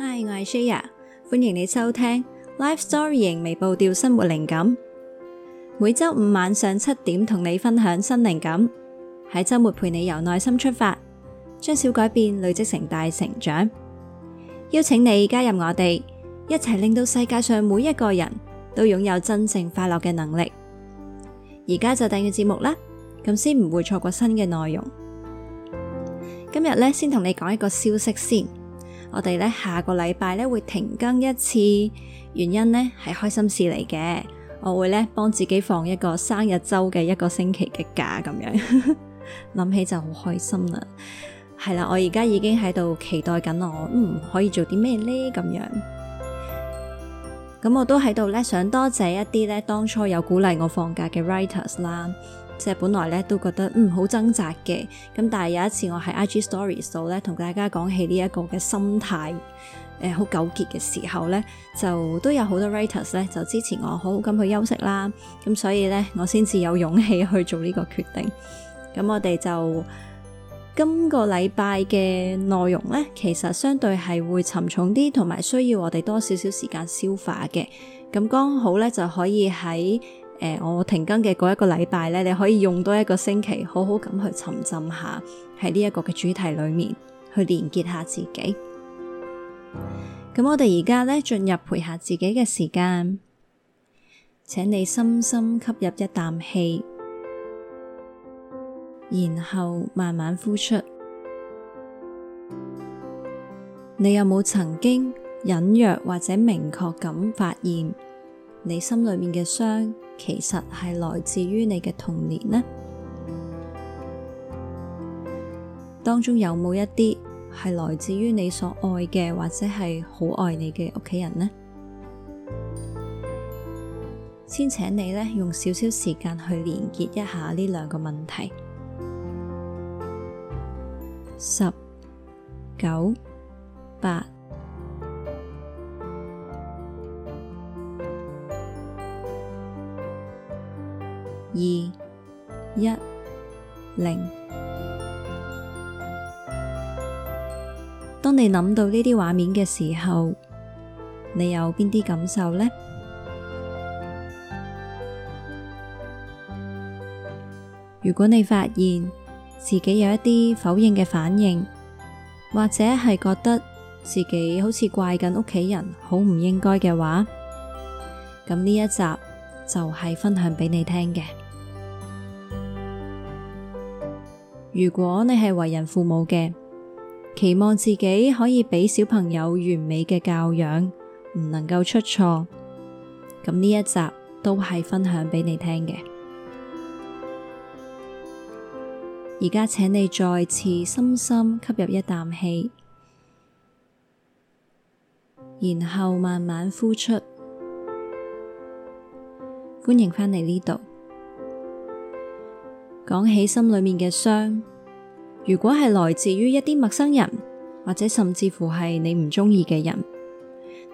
Hi，我係 Shaya，歡迎你收聽 Life Storying 微步調生活靈感，每周五晚上七點同你分享新靈感，喺周末陪你由內心出發，將小改變累積成大成長。邀請你加入我哋，一齊令到世界上每一個人都擁有真正快樂嘅能力。而家就訂閱節目啦，咁先唔會錯過新嘅內容。今日咧，先同你講一個消息先。我哋咧下個禮拜咧會停更一次，原因咧係開心事嚟嘅。我會咧幫自己放一個生日周嘅一個星期嘅假咁樣，諗 起就好開心啦。係啦，我而家已經喺度期待緊我，嗯，可以做啲咩呢咁樣。咁我都喺度咧想多謝一啲咧當初有鼓勵我放假嘅 writers 啦。即係本來咧都覺得嗯，好掙扎嘅，咁但係有一次我喺 IG Story 度咧同大家講起呢一個嘅心態，誒好糾結嘅時候咧，就都有好多 writers 咧就支持我好好咁去休息啦，咁所以咧我先至有勇氣去做呢個決定。咁我哋就今個禮拜嘅內容咧，其實相對係會沉重啲，同埋需要我哋多少少時間消化嘅。咁剛好咧就可以喺。誒、呃，我停更嘅嗰一個禮拜咧，你可以用多一個星期，好好咁去沉浸下喺呢一個嘅主題裏面去連結下自己。咁、嗯、我哋而家咧，進入陪下自己嘅時間，請你深深吸入一啖氣，然後慢慢呼出。你有冇曾經隱約或者明確咁發現你心裏面嘅傷？其實係來自於你嘅童年呢，當中有冇一啲係來自於你所愛嘅，或者係好愛你嘅屋企人呢？先請你呢，用少少時間去連結一下呢兩個問題。十九八。二一零，當你諗到呢啲畫面嘅時候，你有邊啲感受呢？如果你發現自己有一啲否認嘅反應，或者係覺得自己好似怪緊屋企人，好唔應該嘅話，咁呢一集。就係分享俾你聽嘅。如果你係為人父母嘅，期望自己可以俾小朋友完美嘅教養，唔能夠出錯，咁呢一集都係分享俾你聽嘅。而家請你再次深深吸入一啖氣，然後慢慢呼出。歡迎返嚟呢度。講起心裏面嘅傷，如果係來自於一啲陌生人，或者甚至乎係你唔中意嘅人，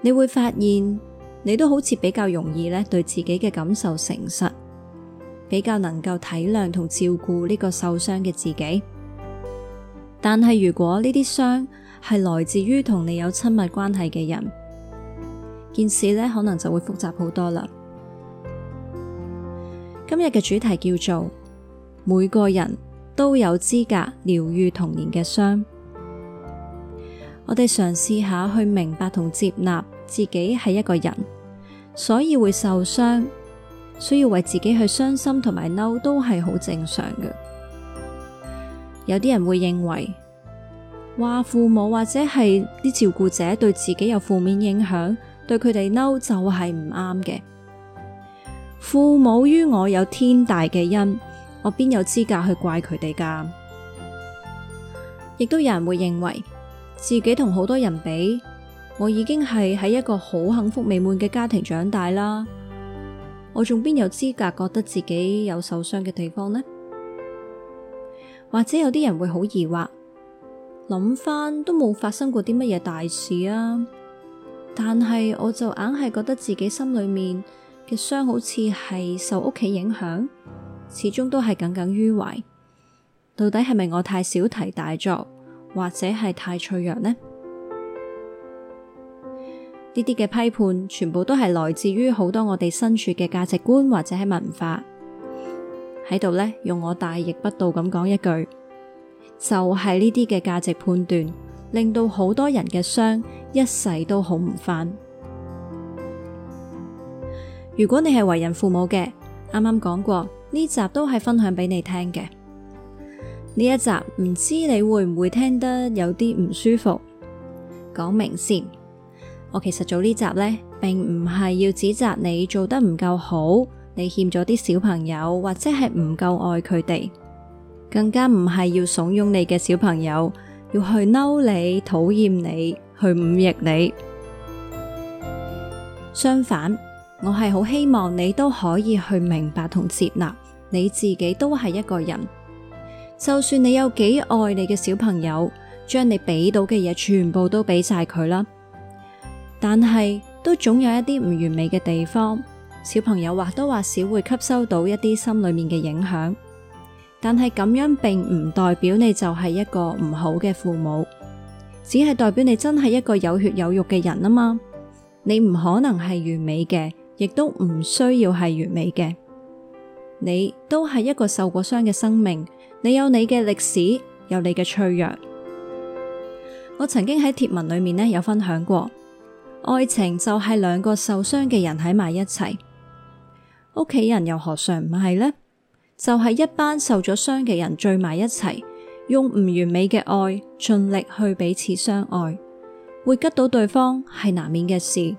你會發現你都好似比較容易呢對自己嘅感受誠實，比較能夠體諒同照顧呢個受傷嘅自己。但係如果呢啲傷係來自於同你有親密關係嘅人，件事呢可能就會複雜好多啦。今日嘅主題叫做每個人都有資格療愈童年嘅傷。我哋嘗試下去明白同接納自己係一個人，所以會受傷，需要為自己去傷心同埋嬲，都係好正常嘅。有啲人會認為，話父母或者係啲照顧者對自己有負面影響，對佢哋嬲就係唔啱嘅。父母於我有天大嘅恩，我邊有資格去怪佢哋噶？亦都有人會認為自己同好多人比，我已經係喺一個好幸福美滿嘅家庭長大啦，我仲邊有資格覺得自己有受傷嘅地方呢？或者有啲人會好疑惑，諗翻都冇發生過啲乜嘢大事啊，但係我就硬係覺得自己心裏面。嘅傷好似係受屋企影響，始終都係耿耿於懷。到底係咪我太小題大作，或者係太脆弱呢？呢啲嘅批判，全部都係來自於好多我哋身處嘅價值觀，或者係文化喺度呢，用我大逆不道咁講一句，就係呢啲嘅價值判斷，令到好多人嘅傷一世都好唔返。如果你係為人父母嘅，啱啱講過，呢集都係分享俾你聽嘅，呢一集唔知你會唔會聽得有啲唔舒服。講明先，我其實做呢集呢，並唔係要指責你做得唔夠好，你欠咗啲小朋友，或者係唔夠愛佢哋，更加唔係要慫恿你嘅小朋友要去嬲你、討厭你、去忤逆你。相反。我係好希望你都可以去明白同接納你自己都係一個人。就算你有幾愛你嘅小朋友，將你俾到嘅嘢，全部都俾晒佢啦，但係都總有一啲唔完美嘅地方。小朋友或多或少會吸收到一啲心裏面嘅影響，但係咁樣並唔代表你就係一個唔好嘅父母，只係代表你真係一個有血有肉嘅人啊嘛。你唔可能係完美嘅。亦都唔需要係完美嘅，你都係一個受過傷嘅生命，你有你嘅歷史，有你嘅脆弱。我曾經喺貼文裏面呢有分享過，愛情就係兩個受傷嘅人喺埋一齊，屋企人又何嘗唔係呢？就係、是、一班受咗傷嘅人聚埋一齊，用唔完美嘅愛，盡力去彼此相愛，會拮到對方係難免嘅事，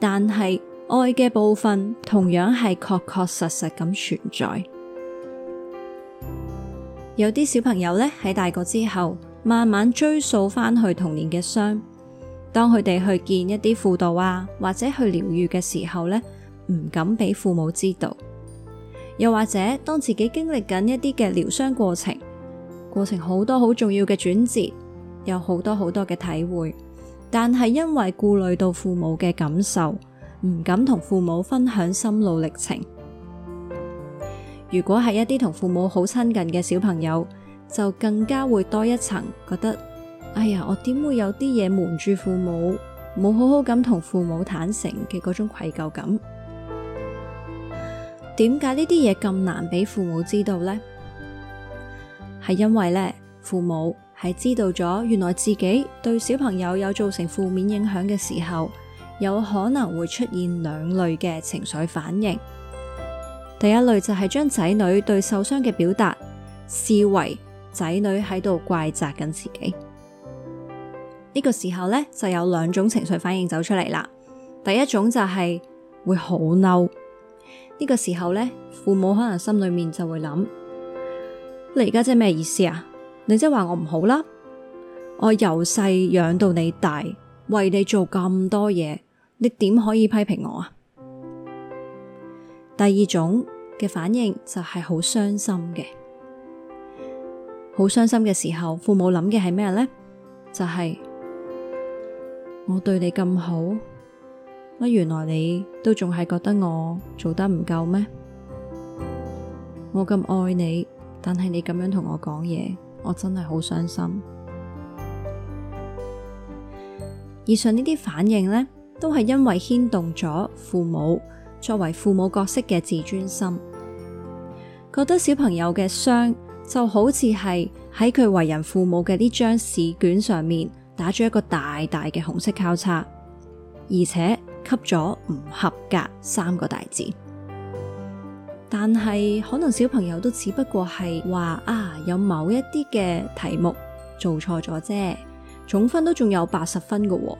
但係，愛嘅部分同樣係確確實實咁存在。有啲小朋友呢喺大個之後，慢慢追溯翻去童年嘅傷。當佢哋去見一啲輔導啊，或者去療愈嘅時候呢，唔敢俾父母知道。又或者當自己經歷緊一啲嘅療傷過程，過程好多好重要嘅轉折，有好多好多嘅體會，但係因為顧慮到父母嘅感受。唔敢同父母分享心路歷程。如果係一啲同父母好親近嘅小朋友，就更加會多一層覺得：哎呀，我點會有啲嘢瞞住父母，冇好好咁同父母坦誠嘅嗰種愧疚感。點解呢啲嘢咁難俾父母知道呢？係因為呢，父母係知道咗原來自己對小朋友有造成負面影響嘅時候。有可能會出現兩類嘅情緒反應，第一類就係將仔女對受傷嘅表達視為仔女喺度怪責緊自己。呢個時候呢，就有兩種情緒反應走出嚟啦。第一種就係會好嬲，呢個時候呢，父母可能心裏面就會諗：你而家即係咩意思啊？你即係話我唔好啦，我由細養到你大，為你做咁多嘢。你點可以批評我啊？第二種嘅反應就係好傷心嘅，好傷心嘅時候，父母諗嘅係咩咧？就係我對你咁好，乜原來你都仲係覺得我做得唔夠咩？我咁愛你，但係你咁樣同我講嘢，我真係好傷心。以上呢啲反應咧。都係因為牽動咗父母作為父母角色嘅自尊心，覺得小朋友嘅傷就好似係喺佢為人父母嘅呢張試卷上面打咗一個大大嘅紅色交叉，而且給咗唔合格三個大字。但係可能小朋友都只不過係話啊，有某一啲嘅題目做錯咗啫，總分都仲有八十分嘅喎。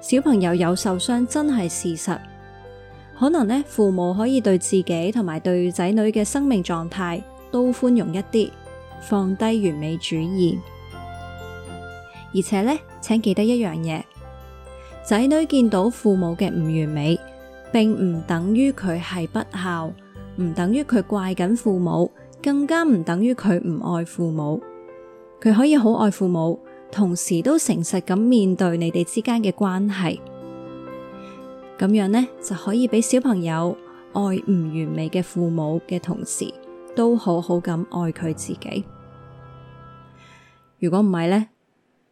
小朋友有受傷真係事實，可能呢，父母可以對自己同埋對仔女嘅生命狀態都寬容一啲，放低完美主義。而且呢，請記得一樣嘢，仔女見到父母嘅唔完美，並唔等於佢係不孝，唔等於佢怪緊父母，更加唔等於佢唔愛父母。佢可以好愛父母。同時都誠實咁面對你哋之間嘅關係，咁樣呢就可以俾小朋友愛唔完美嘅父母嘅同時，都好好咁愛佢自己。如果唔係呢，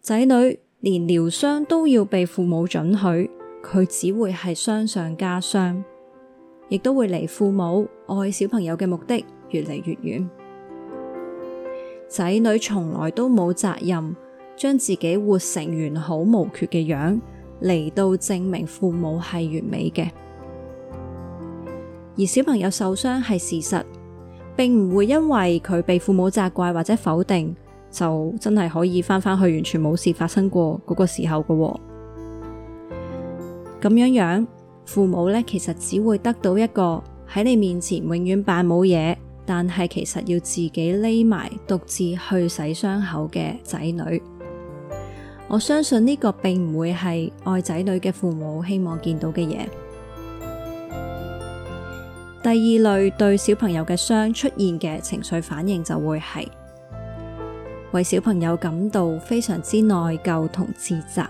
仔女連療傷都要被父母准許，佢只會係傷上加傷，亦都會離父母愛小朋友嘅目的越嚟越遠。仔女從來都冇責任。將自己活成完好無缺嘅樣嚟到證明父母係完美嘅。而小朋友受傷係事實，並唔會因為佢被父母責怪或者否定就真係可以返返去完全冇事發生過嗰個時候㗎喎。咁樣樣，父母呢其實只會得到一個喺你面前永遠扮冇嘢，但係其實要自己匿埋獨自去洗傷口嘅仔女。我相信呢個並唔會係愛仔女嘅父母希望見到嘅嘢。第二類對小朋友嘅傷出現嘅情緒反應就會係為小朋友感到非常之內疚同自責。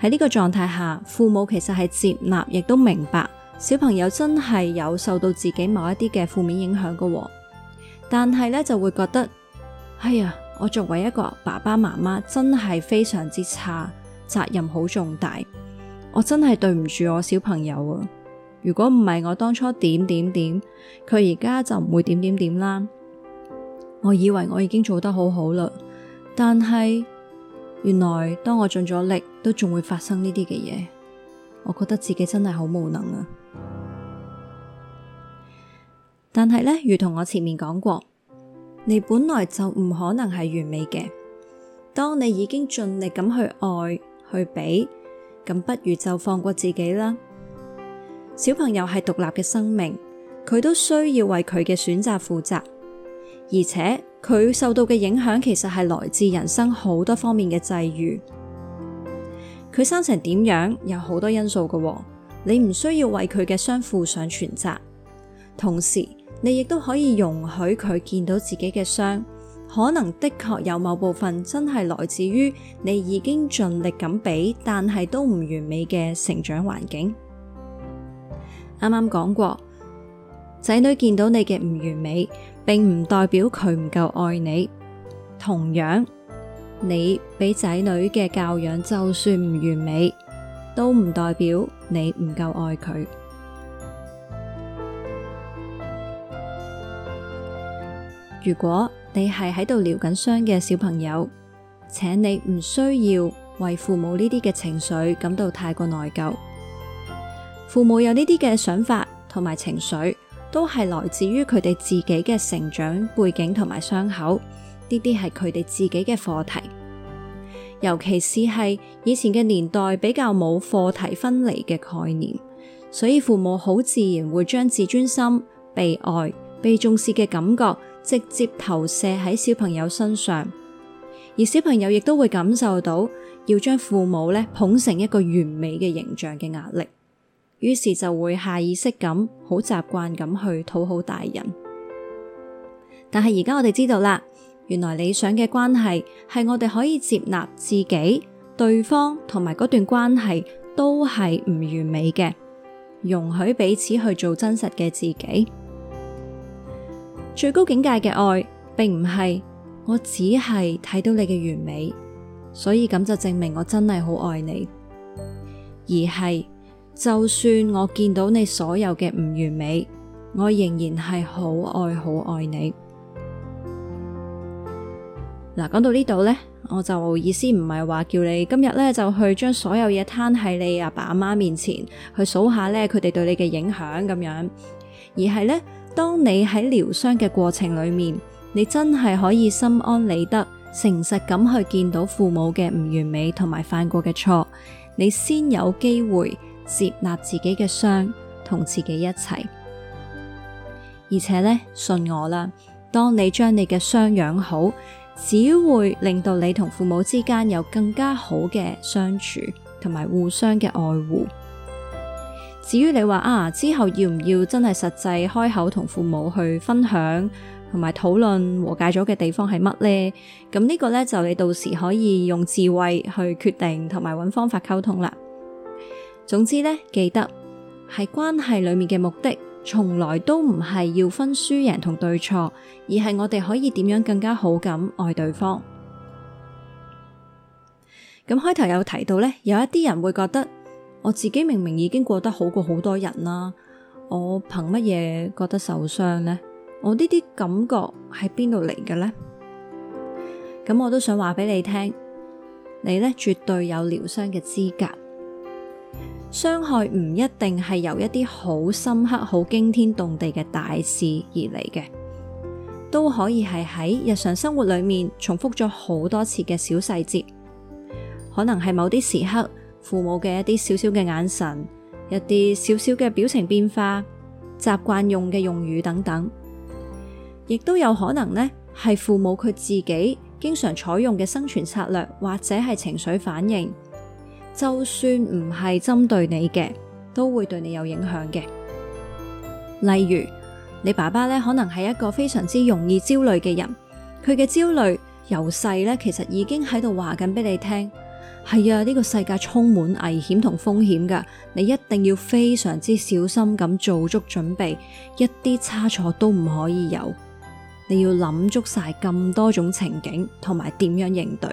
喺呢個狀態下，父母其實係接納亦都明白小朋友真係有受到自己某一啲嘅負面影響㗎喎，但係呢，就會覺得哎呀。」我作為一個爸爸媽媽，真係非常之差，責任好重大。我真係對唔住我小朋友啊！如果唔係我當初點點點，佢而家就唔會點點點啦。我以為我已經做得好好啦，但係原來當我盡咗力，都仲會發生呢啲嘅嘢。我覺得自己真係好無能啊！但係咧，如同我前面講過。你本來就唔可能係完美嘅。當你已經盡力咁去愛、去俾咁不如就放過自己啦。小朋友係獨立嘅生命，佢都需要為佢嘅選擇負責，而且佢受到嘅影響其實係來自人生好多方面嘅際遇。佢生成點樣有好多因素嘅。哦，你唔需要為佢嘅傷負上全責，同時，你亦都可以容許佢見到自己嘅傷，可能的確有某部分真係來自於你已經盡力咁俾，但係都唔完美嘅成長環境。啱啱講過，仔女見到你嘅唔完美，並唔代表佢唔夠愛你。同樣，你俾仔女嘅教養就算唔完美，都唔代表你唔夠愛佢。如果你係喺度療緊傷嘅小朋友，請你唔需要為父母呢啲嘅情緒感到太過內疚。父母有呢啲嘅想法同埋情緒，都係來自於佢哋自己嘅成長背景同埋傷口。呢啲係佢哋自己嘅課題，尤其是係以前嘅年代比較冇課題分離嘅概念，所以父母好自然會將自尊心、被愛、被重視嘅感覺。直接投射喺小朋友身上，而小朋友亦都會感受到要將父母咧捧成一個完美嘅形象嘅壓力，於是就會下意識咁好習慣咁去討好大人。但係而家我哋知道啦，原來理想嘅關係係我哋可以接納自己、對方同埋嗰段關係都係唔完美嘅，容許彼此去做真實嘅自己。最高境界嘅愛，並唔係我只係睇到你嘅完美，所以咁就證明我真係好愛你。而係就算我見到你所有嘅唔完美，我仍然係好愛好愛你。嗱，講 到呢度呢，我就意思唔係話叫你今日呢就去將所有嘢攤喺你阿爸阿媽面前去數下呢，佢哋對你嘅影響咁樣，而係呢。當你喺療傷嘅過程裏面，你真係可以心安理得、誠實咁去見到父母嘅唔完美同埋犯過嘅錯，你先有機會接納自己嘅傷同自己一齊。而且呢，信我啦，當你將你嘅傷養好，只會令到你同父母之間有更加好嘅相處同埋互相嘅愛護。至於你話啊，之後要唔要真係實際開口同父母去分享同埋討論和解咗嘅地方係乜呢？咁呢個呢，就你到時可以用智慧去決定同埋揾方法溝通啦。總之呢，記得係關係裏面嘅目的，從來都唔係要分輸贏同對錯，而係我哋可以點樣更加好咁愛對方。咁開頭有提到呢，有一啲人會覺得。我自己明明已經過得好過好多人啦，我憑乜嘢覺得受傷呢？我呢啲感覺喺邊度嚟嘅呢？咁我都想話俾你聽，你呢絕對有療傷嘅資格。傷害唔一定係由一啲好深刻、好驚天動地嘅大事而嚟嘅，都可以係喺日常生活裏面重複咗好多次嘅小細節，可能係某啲時刻。父母嘅一啲小小嘅眼神，一啲小小嘅表情變化，習慣用嘅用語等等，亦都有可能呢係父母佢自己經常採用嘅生存策略，或者係情緒反應。就算唔係針對你嘅，都會對你有影響嘅。例如，你爸爸呢可能係一個非常之容易焦慮嘅人，佢嘅焦慮由細呢其實已經喺度話緊俾你聽。係啊，呢、這個世界充滿危險同風險噶，你一定要非常之小心咁做足準備，一啲差錯都唔可以有。你要諗足晒咁多種情景，同埋點樣應對。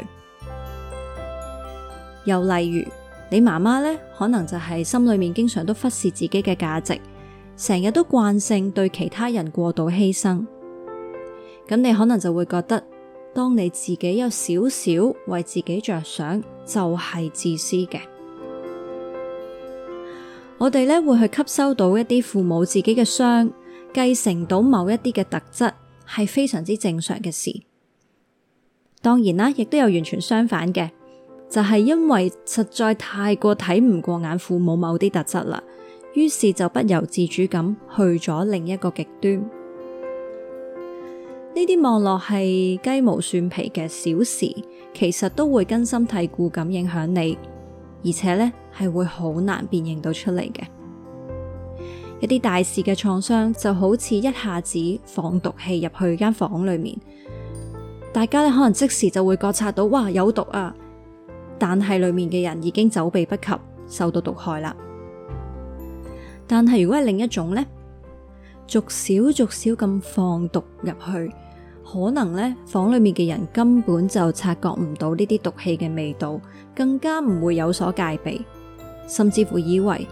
又例如你媽媽呢，可能就係心裏面經常都忽視自己嘅價值，成日都慣性對其他人過度犧牲。咁你可能就會覺得，當你自己有少少為自己着想。就係自私嘅。我哋呢會去吸收到一啲父母自己嘅傷，繼承到某一啲嘅特質，係非常之正常嘅事。當然啦，亦都有完全相反嘅，就係因為實在太過睇唔過眼父母某啲特質啦，於是就不由自主咁去咗另一個極端。呢啲望落係雞毛蒜皮嘅小事，其實都會根深蒂固咁影響你，而且呢係會好難辨認到出嚟嘅。一啲大事嘅創傷就好似一下子放毒氣入去間房裏面，大家呢可能即時就會覺察到，哇，有毒啊！但係裏面嘅人已經走避不及，受到毒害啦。但係如果係另一種呢，逐少逐少咁放毒入去。可能呢，房裏面嘅人根本就察覺唔到呢啲毒氣嘅味道，更加唔會有所戒備，甚至乎以為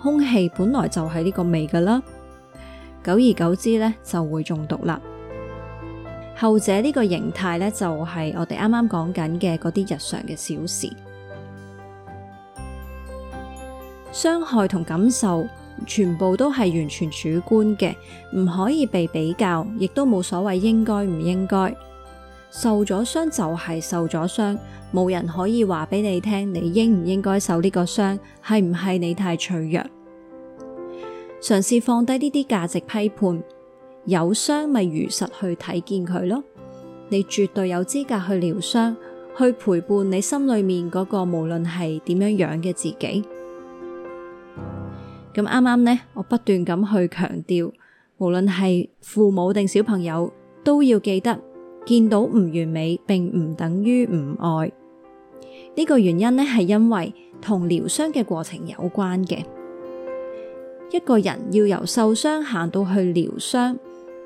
空氣本來就係呢個味噶啦。久而久之呢，就會中毒啦。後者呢個形態呢，就係、是、我哋啱啱講緊嘅嗰啲日常嘅小事，傷害同感受。全部都係完全主觀嘅，唔可以被比較，亦都冇所謂應該唔應該。受咗傷就係受咗傷，冇人可以話俾你聽你應唔應該受呢個傷，係唔係你太脆弱。嘗試放低呢啲價值批判，有傷咪如實去睇見佢咯。你絕對有資格去療傷，去陪伴你心裏面嗰個無論係點樣樣嘅自己。咁啱啱呢，我不斷咁去強調，無論係父母定小朋友，都要記得見到唔完美，並唔等於唔愛。呢個原因呢，係因為同療傷嘅過程有關嘅。一個人要由受傷行到去療傷，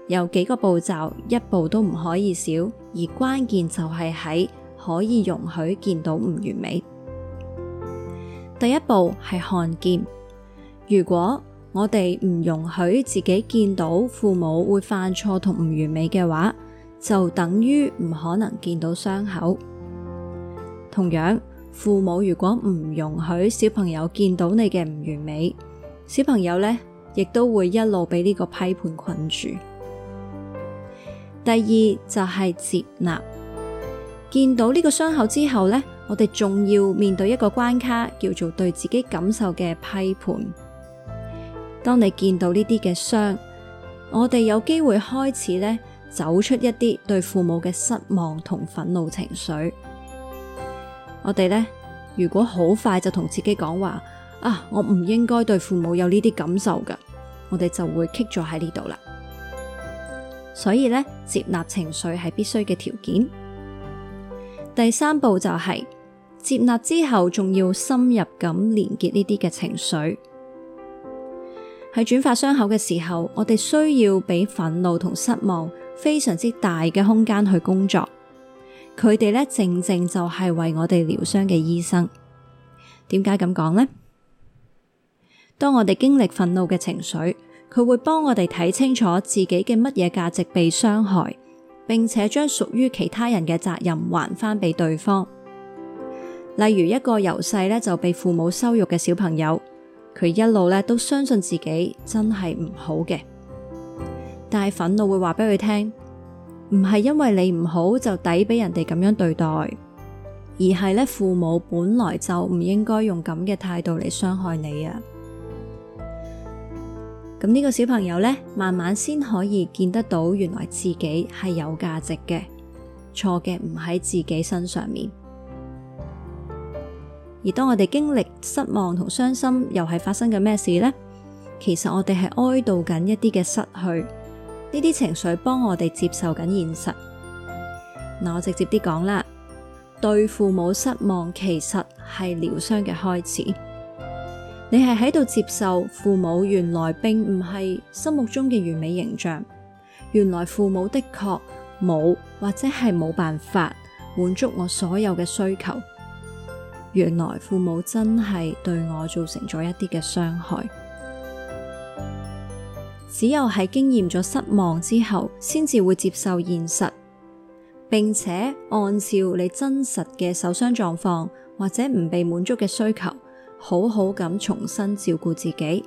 有幾個步驟，一步都唔可以少。而關鍵就係喺可以容許見到唔完美。第一步係看見。如果我哋唔容許自己見到父母會犯錯同唔完美嘅話，就等於唔可能見到傷口。同樣，父母如果唔容許小朋友見到你嘅唔完美，小朋友呢亦都會一路畀呢個批判困住。第二就係接納，見到呢個傷口之後呢，我哋仲要面對一個關卡，叫做對自己感受嘅批判。當你見到呢啲嘅傷，我哋有機會開始咧走出一啲對父母嘅失望同憤怒情緒。我哋咧，如果好快就同自己講話啊，我唔應該對父母有呢啲感受噶，我哋就會棘咗喺呢度啦。所以咧，接納情緒係必須嘅條件。第三步就係、是、接納之後，仲要深入咁連結呢啲嘅情緒。喺轉發傷口嘅時候，我哋需要俾憤怒同失望非常之大嘅空間去工作。佢哋咧，正正就係為我哋療傷嘅醫生。點解咁講呢？當我哋經歷憤怒嘅情緒，佢會幫我哋睇清楚自己嘅乜嘢價值被傷害，並且將屬於其他人嘅責任還翻俾對方。例如一個由細咧就被父母羞辱嘅小朋友。佢一路咧都相信自己真係唔好嘅，但係憤怒會話俾佢聽，唔係因為你唔好就抵俾人哋咁樣對待，而係咧父母本來就唔應該用咁嘅態度嚟傷害你啊！咁呢個小朋友咧，慢慢先可以見得到原來自己係有價值嘅，錯嘅唔喺自己身上面。而當我哋經歷失望同傷心，又係發生緊咩事呢？其實我哋係哀悼緊一啲嘅失去，呢啲情緒幫我哋接受緊現實。嗱，我直接啲講啦，對父母失望其實係療傷嘅開始。你係喺度接受父母原來並唔係心目中嘅完美形象，原來父母的確冇或者係冇辦法滿足我所有嘅需求。原來父母真係對我造成咗一啲嘅傷害，只有喺經驗咗失望之後，先至會接受現實，並且按照你真實嘅受傷狀況或者唔被滿足嘅需求，好好咁重新照顧自己。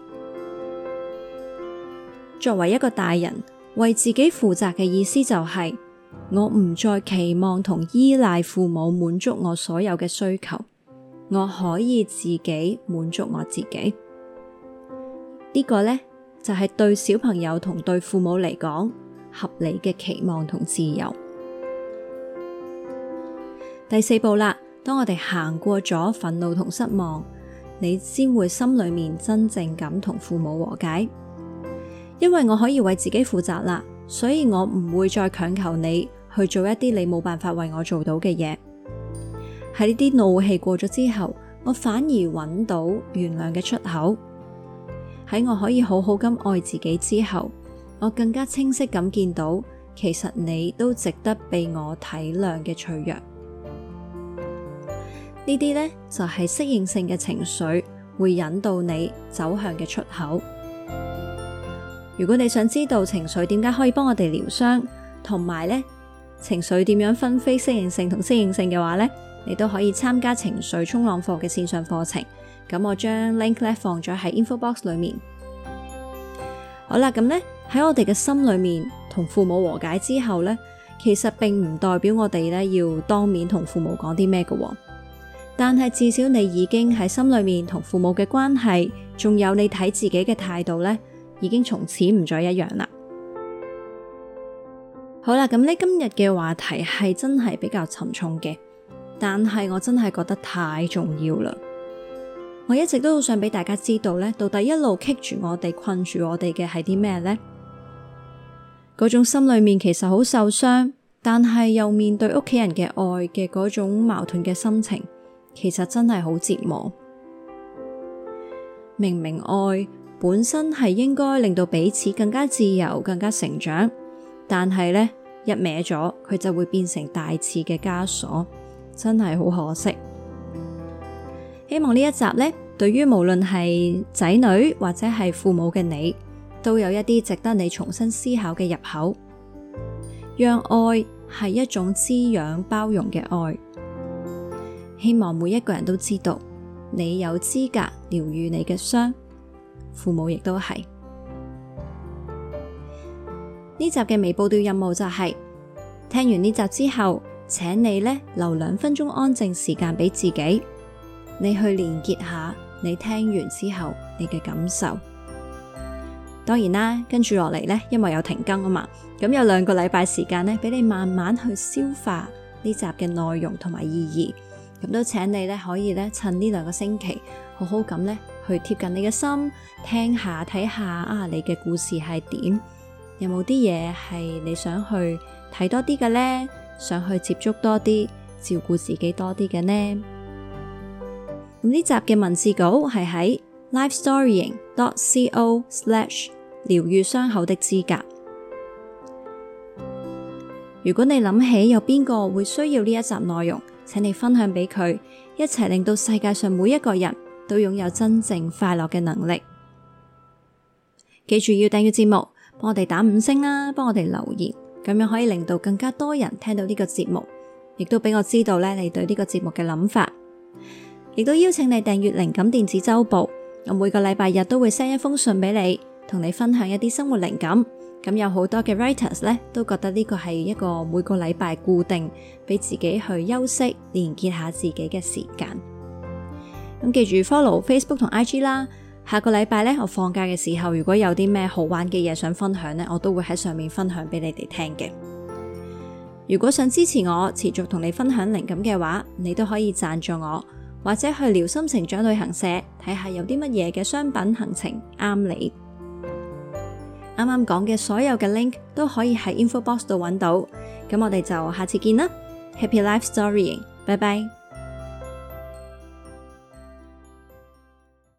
作為一個大人，為自己負責嘅意思就係我唔再期望同依賴父母滿足我所有嘅需求。我可以自己滿足我自己，呢個呢，就係對小朋友同對父母嚟講合理嘅期望同自由。第四步啦，當我哋行過咗憤怒同失望，你先會心裏面真正咁同父母和解，因為我可以為自己負責啦，所以我唔會再強求你去做一啲你冇辦法為我做到嘅嘢。喺呢啲怒氣過咗之後，我反而揾到原諒嘅出口。喺我可以好好咁愛自己之後，我更加清晰咁見到，其實你都值得被我體諒嘅脆弱。呢啲呢，就係適應性嘅情緒會引導你走向嘅出口。如果你想知道情緒點解可以幫我哋療傷，同埋呢情緒點樣分非適應性同適應性嘅話呢。你都可以參加情緒衝浪課嘅線上課程，咁我將 link 咧，放咗喺 info box 裏面。好啦，咁呢喺我哋嘅心裏面同父母和解之後呢，其實並唔代表我哋呢要當面同父母講啲咩嘅，但係至少你已經喺心裏面同父母嘅關係，仲有你睇自己嘅態度呢，已經從此唔再一樣啦。好啦，咁呢今日嘅話題係真係比較沉重嘅。但係我真係覺得太重要啦。我一直都好想俾大家知道咧，到底一路棘住我哋困住我哋嘅係啲咩呢？嗰種心裏面其實好受傷，但係又面對屋企人嘅愛嘅嗰種矛盾嘅心情，其實真係好折磨。明明愛本身係應該令到彼此更加自由、更加成長，但係咧一歪咗佢就會變成大刺嘅枷鎖。真係好可惜。希望呢一集咧，對於無論係仔女或者係父母嘅你，都有一啲值得你重新思考嘅入口。讓愛係一種滋養包容嘅愛。希望每一個人都知道，你有資格療愈你嘅傷。父母亦都係。呢集嘅微報道任務就係、是、聽完呢集之後。請你咧留兩分鐘安靜時間俾自己，你去連結下你聽完之後你嘅感受。當然啦，跟住落嚟咧，因為有停更啊嘛，咁有兩個禮拜時間咧，俾你慢慢去消化呢集嘅內容同埋意義。咁都請你咧可以咧，趁呢兩個星期，好好咁咧，去貼近你嘅心，聽下睇下啊，你嘅故事係點，有冇啲嘢係你想去睇多啲嘅咧？想去接觸多啲，照顧自己多啲嘅呢？咁呢集嘅文字稿係喺 lifestorying.co/ 療癒傷口的資格。如果你諗起有邊個會需要呢一集內容，請你分享俾佢，一齊令到世界上每一個人都擁有真正快樂嘅能力。記住要訂閱節目，幫我哋打五星啦，幫我哋留言。咁樣可以令到更加多人聽到呢個節目，亦都俾我知道咧，你對呢個節目嘅諗法，亦都邀請你訂閱靈感電子周報，我每個禮拜日都會 send 一封信俾你，同你分享一啲生活靈感。咁有好多嘅 writers 咧，都覺得呢個係一個每個禮拜固定俾自己去休息、連結下自己嘅時間。咁記住 follow Facebook 同 IG 啦。下個禮拜咧，我放假嘅時候，如果有啲咩好玩嘅嘢想分享呢，我都會喺上面分享俾你哋聽嘅。如果想支持我，持續同你分享靈感嘅話，你都可以贊助我，或者去療心成長旅行社睇下有啲乜嘢嘅商品行程啱你。啱啱講嘅所有嘅 link 都可以喺 info box 度揾到。咁我哋就下次見啦，Happy life story，拜拜。